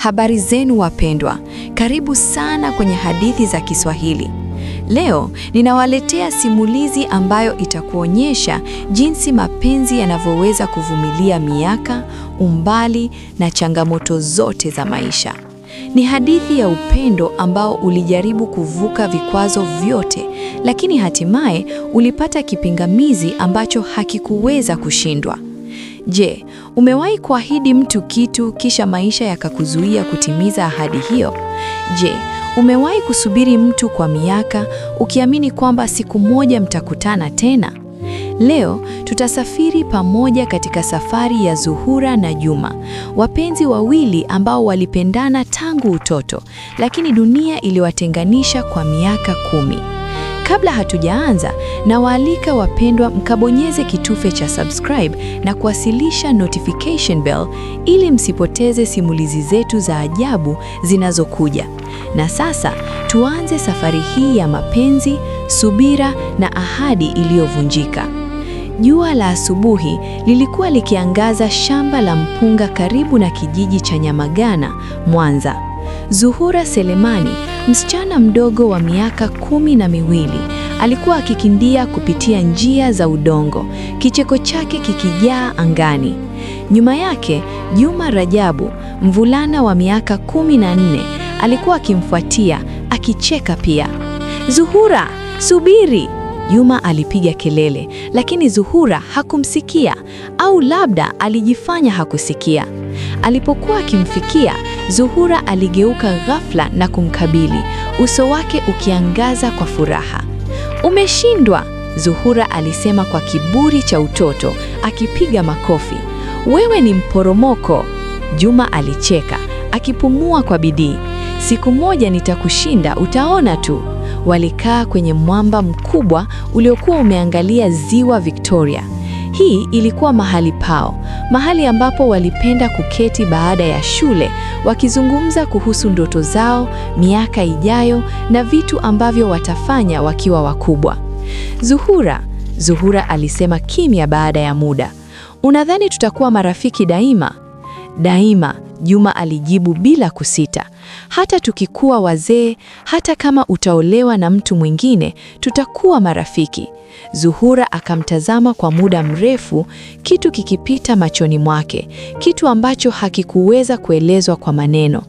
Habari zenu wapendwa, karibu sana kwenye hadithi za Kiswahili. Leo ninawaletea simulizi ambayo itakuonyesha jinsi mapenzi yanavyoweza kuvumilia miaka, umbali na changamoto zote za maisha. Ni hadithi ya upendo ambao ulijaribu kuvuka vikwazo vyote, lakini hatimaye ulipata kipingamizi ambacho hakikuweza kushindwa. Je, umewahi kuahidi mtu kitu kisha maisha yakakuzuia kutimiza ahadi hiyo? Je, umewahi kusubiri mtu kwa miaka ukiamini kwamba siku moja mtakutana tena? Leo tutasafiri pamoja katika safari ya Zuhura na Juma, wapenzi wawili ambao walipendana tangu utoto, lakini dunia iliwatenganisha kwa miaka kumi. Kabla hatujaanza, nawaalika wapendwa, mkabonyeze kitufe cha subscribe na kuwasilisha notification bell ili msipoteze simulizi zetu za ajabu zinazokuja. Na sasa tuanze safari hii ya mapenzi, subira na ahadi iliyovunjika. Jua la asubuhi lilikuwa likiangaza shamba la mpunga karibu na kijiji cha Nyamagana, Mwanza. Zuhura Selemani, msichana mdogo wa miaka kumi na miwili, alikuwa akikimbia kupitia njia za udongo, kicheko chake kikijaa angani. Nyuma yake, Juma Rajabu, mvulana wa miaka kumi na nne, alikuwa akimfuatia akicheka pia. Zuhura, subiri! Juma alipiga kelele, lakini Zuhura hakumsikia, au labda alijifanya hakusikia. Alipokuwa akimfikia, Zuhura aligeuka ghafla na kumkabili, uso wake ukiangaza kwa furaha. Umeshindwa, Zuhura alisema kwa kiburi cha utoto, akipiga makofi. Wewe ni mporomoko. Juma alicheka, akipumua kwa bidii. Siku moja nitakushinda, utaona tu. Walikaa kwenye mwamba mkubwa uliokuwa umeangalia ziwa Victoria. Hii ilikuwa mahali pao, mahali ambapo walipenda kuketi baada ya shule, wakizungumza kuhusu ndoto zao, miaka ijayo na vitu ambavyo watafanya wakiwa wakubwa. Zuhura, Zuhura alisema kimya baada ya muda. Unadhani tutakuwa marafiki daima? Daima, Juma alijibu bila kusita. Hata tukikuwa wazee, hata kama utaolewa na mtu mwingine, tutakuwa marafiki. Zuhura akamtazama kwa muda mrefu, kitu kikipita machoni mwake, kitu ambacho hakikuweza kuelezwa kwa maneno.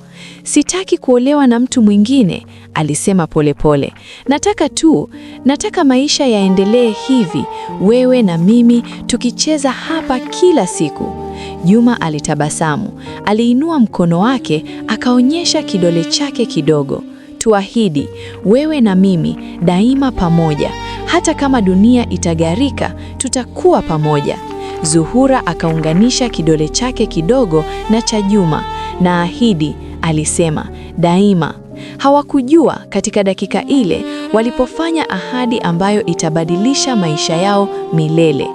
Sitaki kuolewa na mtu mwingine, alisema polepole pole. Nataka tu, nataka maisha yaendelee hivi, wewe na mimi tukicheza hapa kila siku. Juma alitabasamu. Aliinua mkono wake akaonyesha kidole chake kidogo. Tuahidi, wewe na mimi daima pamoja. Hata kama dunia itagarika, tutakuwa pamoja. Zuhura akaunganisha kidole chake kidogo na cha Juma. Naahidi, alisema, daima. Hawakujua katika dakika ile walipofanya ahadi ambayo itabadilisha maisha yao milele.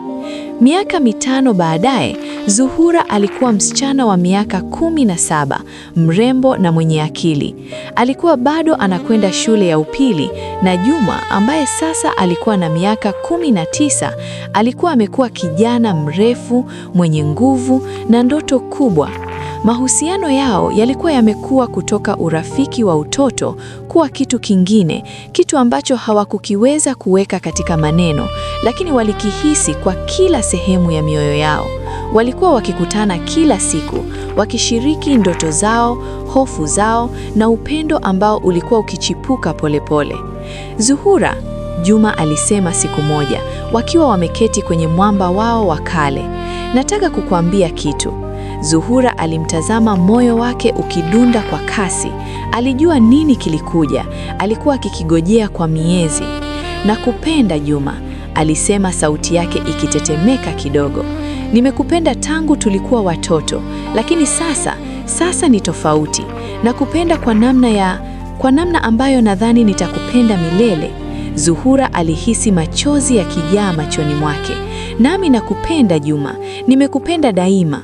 Miaka mitano baadaye, Zuhura alikuwa msichana wa miaka kumi na saba, mrembo na mwenye akili. Alikuwa bado anakwenda shule ya upili na Juma ambaye sasa alikuwa na miaka kumi na tisa, alikuwa amekuwa kijana mrefu, mwenye nguvu na ndoto kubwa. Mahusiano yao yalikuwa yamekuwa kutoka urafiki wa utoto kuwa kitu kingine, kitu ambacho hawakukiweza kuweka katika maneno, lakini walikihisi kwa kila sehemu ya mioyo yao. Walikuwa wakikutana kila siku, wakishiriki ndoto zao, hofu zao na upendo ambao ulikuwa ukichipuka polepole pole. Zuhura, Juma alisema siku moja, wakiwa wameketi kwenye mwamba wao wa kale, nataka kukuambia kitu. Zuhura alimtazama, moyo wake ukidunda kwa kasi. Alijua nini kilikuja, alikuwa akikigojea kwa miezi. Nakupenda Juma, alisema, sauti yake ikitetemeka kidogo. Nimekupenda tangu tulikuwa watoto, lakini sasa, sasa ni tofauti. Nakupenda kwa namna ya, kwa namna ambayo nadhani nitakupenda milele. Zuhura alihisi machozi yakijaa machoni mwake. Nami nakupenda Juma, nimekupenda daima.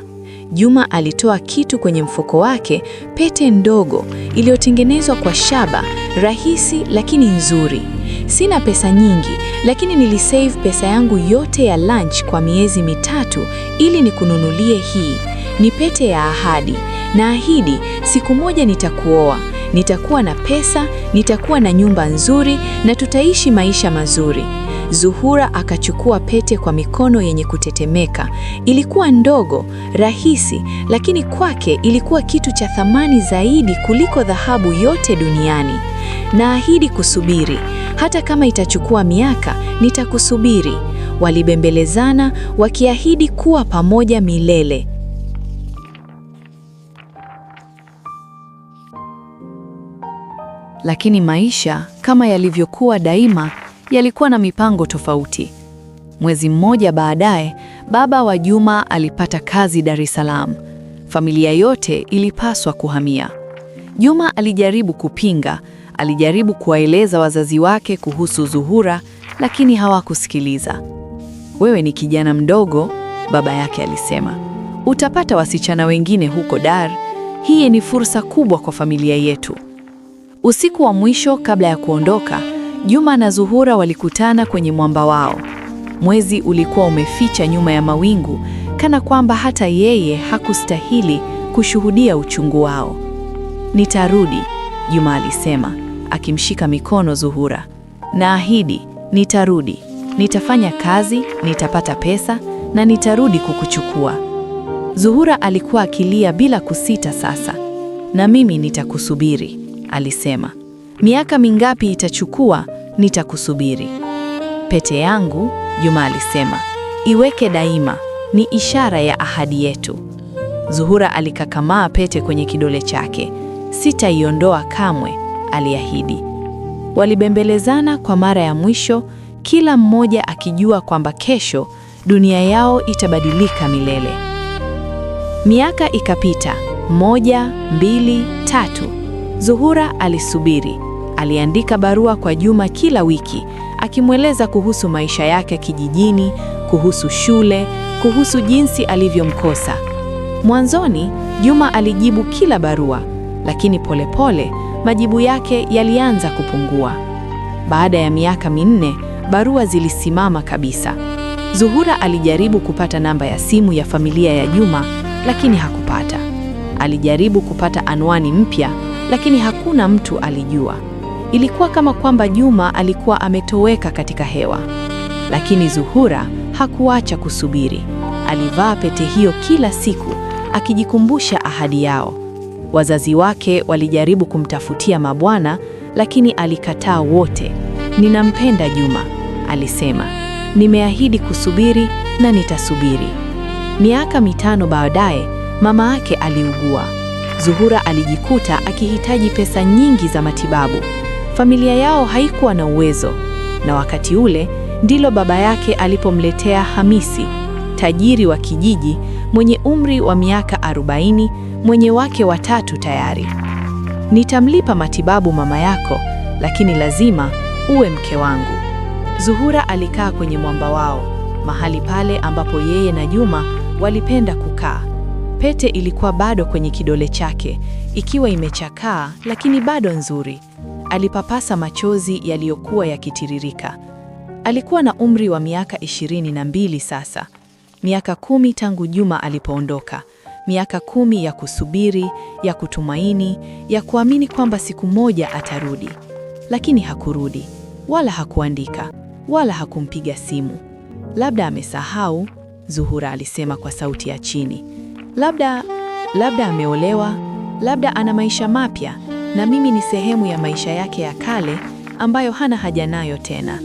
Juma alitoa kitu kwenye mfuko wake, pete ndogo iliyotengenezwa kwa shaba, rahisi lakini nzuri. Sina pesa nyingi, lakini nilisave pesa yangu yote ya lunch kwa miezi mitatu ili nikununulie hii. Ni pete ya ahadi. Naahidi siku moja nitakuoa. Nitakuwa na pesa, nitakuwa na nyumba nzuri na tutaishi maisha mazuri. Zuhura akachukua pete kwa mikono yenye kutetemeka. Ilikuwa ndogo, rahisi, lakini kwake ilikuwa kitu cha thamani zaidi kuliko dhahabu yote duniani. Naahidi kusubiri, hata kama itachukua miaka, nitakusubiri. Walibembelezana wakiahidi kuwa pamoja milele. Lakini maisha kama yalivyokuwa daima yalikuwa na mipango tofauti. Mwezi mmoja baadaye, baba wa Juma alipata kazi Dar es Salaam. Familia yote ilipaswa kuhamia. Juma alijaribu kupinga, alijaribu kuwaeleza wazazi wake kuhusu Zuhura, lakini hawakusikiliza. Wewe ni kijana mdogo, baba yake alisema, utapata wasichana wengine huko Dar. Hii ni fursa kubwa kwa familia yetu. Usiku wa mwisho kabla ya kuondoka Juma na Zuhura walikutana kwenye mwamba wao. Mwezi ulikuwa umeficha nyuma ya mawingu, kana kwamba hata yeye hakustahili kushuhudia uchungu wao. Nitarudi, Juma alisema, akimshika mikono Zuhura. Naahidi, nitarudi. Nitafanya kazi, nitapata pesa na nitarudi kukuchukua. Zuhura alikuwa akilia bila kusita sasa. Na mimi nitakusubiri, alisema. Miaka mingapi itachukua, nitakusubiri. Pete yangu, Juma alisema, iweke daima, ni ishara ya ahadi yetu. Zuhura alikakamaa pete kwenye kidole chake. Sitaiondoa kamwe, aliahidi. Walibembelezana kwa mara ya mwisho, kila mmoja akijua kwamba kesho dunia yao itabadilika milele. Miaka ikapita, moja, mbili, tatu. Zuhura alisubiri aliandika barua kwa Juma kila wiki, akimweleza kuhusu maisha yake kijijini, kuhusu shule, kuhusu jinsi alivyomkosa. Mwanzoni Juma alijibu kila barua, lakini polepole pole, majibu yake yalianza kupungua. Baada ya miaka minne, barua zilisimama kabisa. Zuhura alijaribu kupata namba ya simu ya familia ya Juma, lakini hakupata. Alijaribu kupata anwani mpya, lakini hakuna mtu alijua. Ilikuwa kama kwamba Juma alikuwa ametoweka katika hewa, lakini Zuhura hakuacha kusubiri. Alivaa pete hiyo kila siku, akijikumbusha ahadi yao. Wazazi wake walijaribu kumtafutia mabwana, lakini alikataa wote. Ninampenda Juma, alisema. Nimeahidi kusubiri na nitasubiri. Miaka mitano baadaye, mama yake aliugua. Zuhura alijikuta akihitaji pesa nyingi za matibabu. Familia yao haikuwa na uwezo, na wakati ule ndilo baba yake alipomletea Hamisi, tajiri wa kijiji mwenye umri wa miaka 40, mwenye wake watatu tayari. Nitamlipa matibabu mama yako, lakini lazima uwe mke wangu. Zuhura alikaa kwenye mwamba wao, mahali pale ambapo yeye na Juma walipenda kukaa. Pete ilikuwa bado kwenye kidole chake, ikiwa imechakaa lakini bado nzuri. Alipapasa machozi yaliyokuwa yakitiririka. Alikuwa na umri wa miaka ishirini na mbili sasa, miaka kumi tangu Juma alipoondoka, miaka kumi ya kusubiri, ya kutumaini, ya kuamini kwamba siku moja atarudi. Lakini hakurudi, wala hakuandika, wala hakumpiga simu. Labda amesahau, Zuhura alisema kwa sauti ya chini. Labda, labda ameolewa, labda ana maisha mapya na mimi ni sehemu ya maisha yake ya kale ambayo hana haja nayo tena.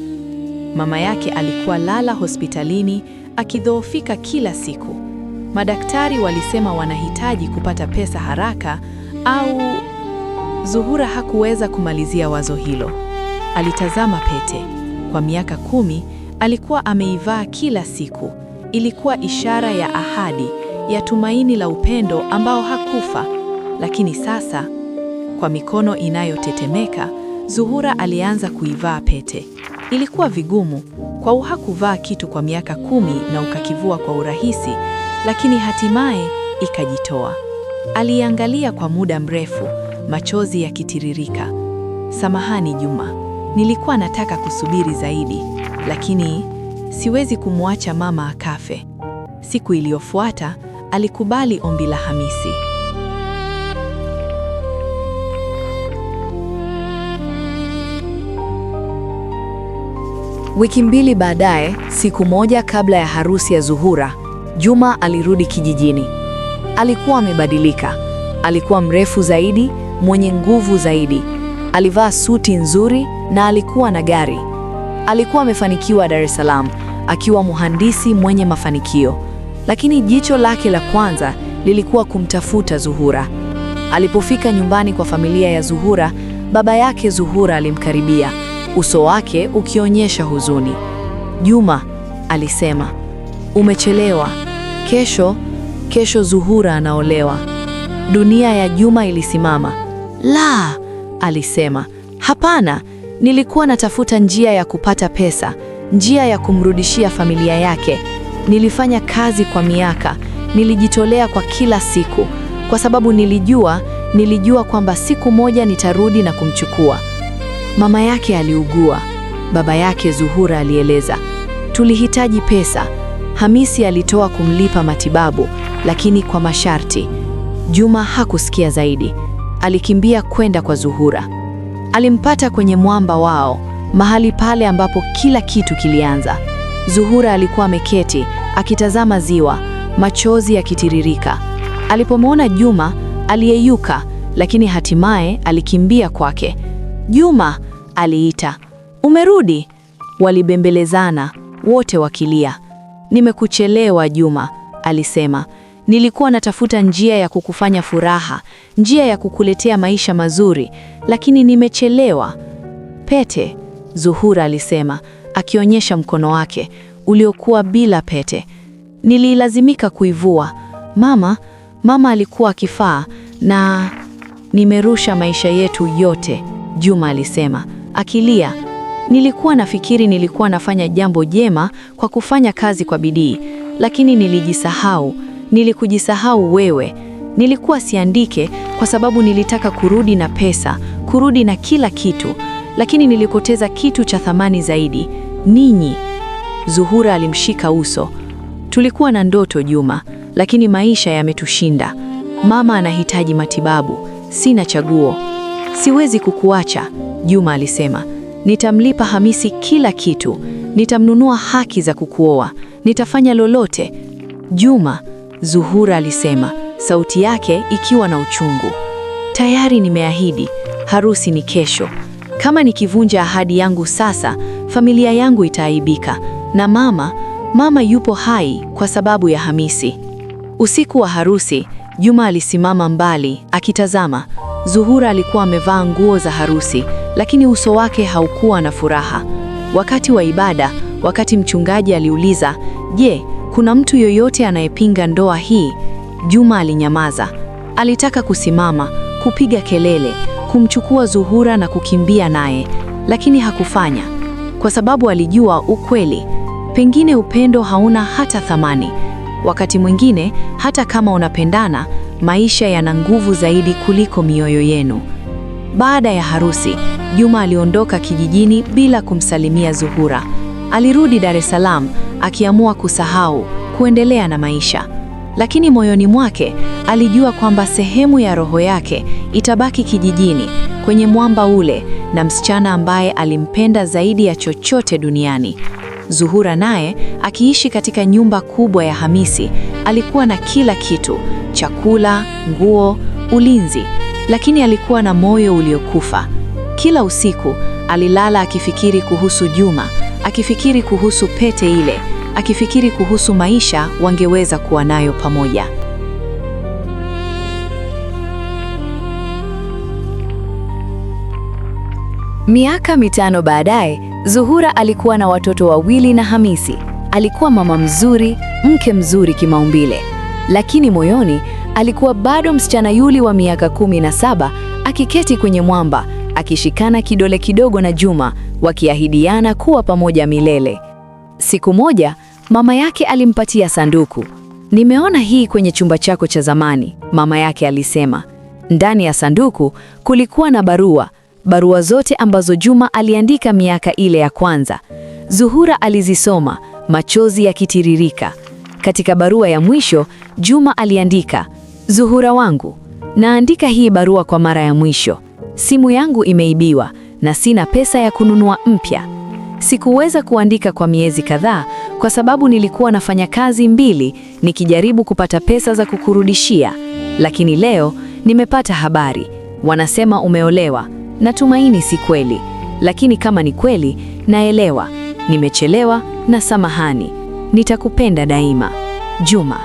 Mama yake alikuwa lala hospitalini akidhoofika kila siku. Madaktari walisema wanahitaji kupata pesa haraka au... Zuhura hakuweza kumalizia wazo hilo. Alitazama pete. Kwa miaka kumi alikuwa ameivaa kila siku. Ilikuwa ishara ya ahadi, ya tumaini la upendo ambao hakufa. Lakini sasa kwa mikono inayotetemeka, Zuhura alianza kuivaa pete. Ilikuwa vigumu kwa uha kuvaa kitu kwa miaka kumi na ukakivua kwa urahisi, lakini hatimaye ikajitoa. Aliangalia kwa muda mrefu, machozi yakitiririka. Samahani Juma, nilikuwa nataka kusubiri zaidi, lakini siwezi kumwacha mama akafe. Siku iliyofuata alikubali ombi la Hamisi. Wiki mbili baadaye, siku moja kabla ya harusi ya Zuhura, Juma alirudi kijijini. Alikuwa amebadilika. Alikuwa mrefu zaidi, mwenye nguvu zaidi. Alivaa suti nzuri na alikuwa na gari. Alikuwa amefanikiwa Dar es Salaam, akiwa mhandisi mwenye mafanikio. Lakini jicho lake la kwanza lilikuwa kumtafuta Zuhura. Alipofika nyumbani kwa familia ya Zuhura, baba yake Zuhura alimkaribia uso wake ukionyesha huzuni. Juma alisema, umechelewa, kesho kesho Zuhura anaolewa. Dunia ya Juma ilisimama. La, alisema, hapana, nilikuwa natafuta njia ya kupata pesa, njia ya kumrudishia familia yake. Nilifanya kazi kwa miaka, nilijitolea kwa kila siku, kwa sababu nilijua, nilijua kwamba siku moja nitarudi na kumchukua. Mama yake aliugua. Baba yake Zuhura alieleza, tulihitaji pesa. Hamisi alitoa kumlipa matibabu, lakini kwa masharti. Juma hakusikia zaidi, alikimbia kwenda kwa Zuhura. Alimpata kwenye mwamba wao, mahali pale ambapo kila kitu kilianza. Zuhura alikuwa ameketi akitazama ziwa, machozi yakitiririka. Alipomwona Juma aliyeyuka, lakini hatimaye alikimbia kwake. Juma, aliita, umerudi? Walibembelezana wote wakilia. Nimekuchelewa Juma, alisema, nilikuwa natafuta njia ya kukufanya furaha, njia ya kukuletea maisha mazuri, lakini nimechelewa. Pete, Zuhura alisema, akionyesha mkono wake uliokuwa bila pete. Nililazimika kuivua mama. Mama alikuwa akifaa na nimerusha maisha yetu yote, Juma alisema akilia. Nilikuwa nafikiri nilikuwa nafanya jambo jema kwa kufanya kazi kwa bidii, lakini nilijisahau, nilikujisahau wewe. Nilikuwa siandike kwa sababu nilitaka kurudi na pesa, kurudi na kila kitu, lakini nilipoteza kitu cha thamani zaidi, ninyi. Zuhura alimshika uso. Tulikuwa na ndoto Juma, lakini maisha yametushinda. Mama anahitaji matibabu, sina chaguo. Siwezi kukuacha, Juma alisema, nitamlipa Hamisi kila kitu, nitamnunua haki za kukuoa, nitafanya lolote. Juma, Zuhura alisema, sauti yake ikiwa na uchungu. Tayari nimeahidi, harusi ni kesho. Kama nikivunja ahadi yangu sasa, familia yangu itaaibika. Na mama, mama yupo hai kwa sababu ya Hamisi. Usiku wa harusi, Juma alisimama mbali akitazama. Zuhura alikuwa amevaa nguo za harusi lakini uso wake haukuwa na furaha. Wakati wa ibada, wakati mchungaji aliuliza, "Je, kuna mtu yoyote anayepinga ndoa hii?" Juma alinyamaza. Alitaka kusimama, kupiga kelele, kumchukua Zuhura na kukimbia naye, lakini hakufanya kwa sababu alijua ukweli. Pengine upendo hauna hata thamani. Wakati mwingine, hata kama unapendana, maisha yana nguvu zaidi kuliko mioyo yenu. Baada ya harusi Juma aliondoka kijijini bila kumsalimia Zuhura. Alirudi Dar es Salaam akiamua kusahau, kuendelea na maisha. Lakini moyoni mwake alijua kwamba sehemu ya roho yake itabaki kijijini, kwenye mwamba ule na msichana ambaye alimpenda zaidi ya chochote duniani. Zuhura naye akiishi katika nyumba kubwa ya Hamisi, alikuwa na kila kitu, chakula, nguo, ulinzi, lakini alikuwa na moyo uliokufa. Kila usiku alilala akifikiri kuhusu Juma, akifikiri kuhusu pete ile, akifikiri kuhusu maisha wangeweza kuwa nayo pamoja. Miaka mitano baadaye, Zuhura alikuwa na watoto wawili na Hamisi. Alikuwa mama mzuri, mke mzuri kimaumbile, lakini moyoni alikuwa bado msichana yuli wa miaka kumi na saba akiketi kwenye mwamba akishikana kidole kidogo na Juma, wakiahidiana kuwa pamoja milele. Siku moja mama yake alimpatia sanduku. Nimeona hii kwenye chumba chako cha zamani, mama yake alisema. Ndani ya sanduku kulikuwa na barua, barua zote ambazo Juma aliandika miaka ile ya kwanza. Zuhura alizisoma, machozi yakitiririka. Katika barua ya mwisho, Juma aliandika, Zuhura wangu, naandika hii barua kwa mara ya mwisho simu yangu imeibiwa na sina pesa ya kununua mpya. Sikuweza kuandika kwa miezi kadhaa kwa sababu nilikuwa nafanya kazi mbili nikijaribu kupata pesa za kukurudishia. Lakini leo nimepata habari, wanasema umeolewa. Natumaini si kweli, lakini kama ni kweli, naelewa. Nimechelewa na samahani. Nitakupenda daima. Juma.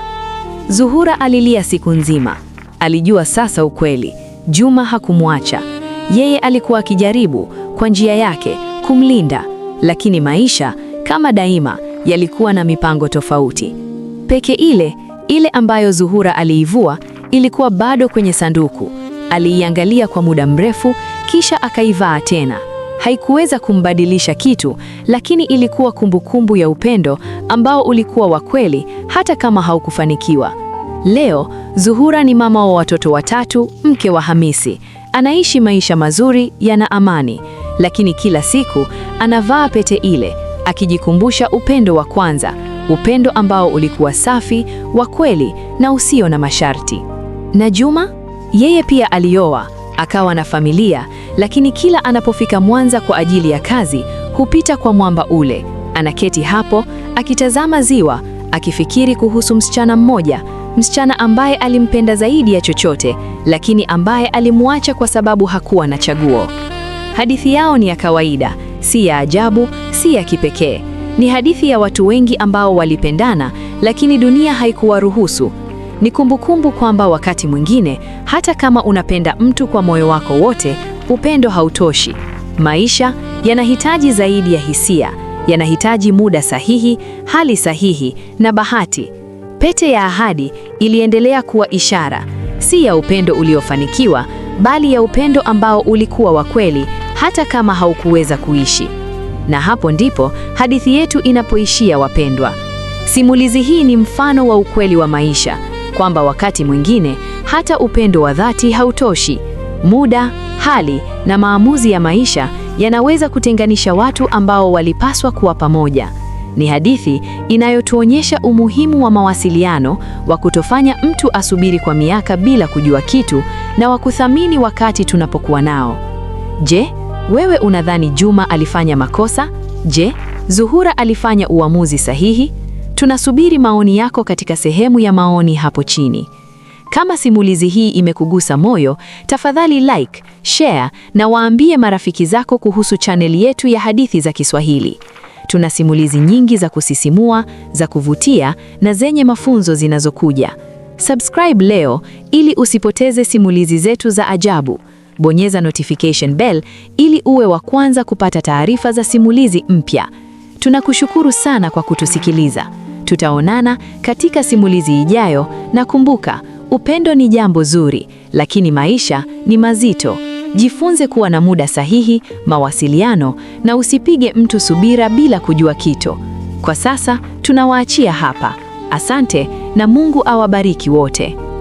Zuhura alilia siku nzima. Alijua sasa ukweli. Juma hakumwacha. Yeye alikuwa akijaribu kwa njia yake kumlinda, lakini maisha kama daima yalikuwa na mipango tofauti. Peke ile ile ambayo Zuhura aliivua ilikuwa bado kwenye sanduku. Aliiangalia kwa muda mrefu, kisha akaivaa tena. Haikuweza kumbadilisha kitu, lakini ilikuwa kumbukumbu ya upendo ambao ulikuwa wa kweli, hata kama haukufanikiwa. Leo Zuhura ni mama wa watoto watatu, mke wa Hamisi. Anaishi maisha mazuri yana amani, lakini kila siku anavaa pete ile, akijikumbusha upendo wa kwanza, upendo ambao ulikuwa safi, wa kweli na usio na masharti. Na Juma, yeye pia alioa, akawa na familia, lakini kila anapofika Mwanza kwa ajili ya kazi, hupita kwa mwamba ule. Anaketi hapo akitazama ziwa, akifikiri kuhusu msichana mmoja msichana ambaye alimpenda zaidi ya chochote, lakini ambaye alimwacha kwa sababu hakuwa na chaguo. Hadithi yao ni ya kawaida, si ya ajabu, si ya kipekee. Ni hadithi ya watu wengi ambao walipendana, lakini dunia haikuwaruhusu. Ni kumbukumbu kwamba wakati mwingine, hata kama unapenda mtu kwa moyo wako wote, upendo hautoshi. Maisha yanahitaji zaidi ya hisia, yanahitaji muda sahihi, hali sahihi na bahati. Pete ya ahadi iliendelea kuwa ishara, si ya upendo uliofanikiwa, bali ya upendo ambao ulikuwa wa kweli hata kama haukuweza kuishi. Na hapo ndipo hadithi yetu inapoishia, wapendwa. Simulizi hii ni mfano wa ukweli wa maisha, kwamba wakati mwingine hata upendo wa dhati hautoshi. Muda, hali na maamuzi ya maisha yanaweza kutenganisha watu ambao walipaswa kuwa pamoja. Ni hadithi inayotuonyesha umuhimu wa mawasiliano, wa kutofanya mtu asubiri kwa miaka bila kujua kitu, na wa kuthamini wakati tunapokuwa nao. Je, wewe unadhani Juma alifanya makosa? Je, Zuhura alifanya uamuzi sahihi? Tunasubiri maoni yako katika sehemu ya maoni hapo chini. Kama simulizi hii imekugusa moyo, tafadhali like, share na waambie marafiki zako kuhusu chaneli yetu ya Hadithi za Kiswahili. Tuna simulizi nyingi za kusisimua, za kuvutia na zenye mafunzo zinazokuja. Subscribe leo ili usipoteze simulizi zetu za ajabu. Bonyeza notification bell ili uwe wa kwanza kupata taarifa za simulizi mpya. Tunakushukuru sana kwa kutusikiliza. Tutaonana katika simulizi ijayo na kumbuka, upendo ni jambo zuri, lakini maisha ni mazito. Jifunze kuwa na muda sahihi, mawasiliano na usipige mtu subira bila kujua kito. Kwa sasa tunawaachia hapa. Asante na Mungu awabariki wote.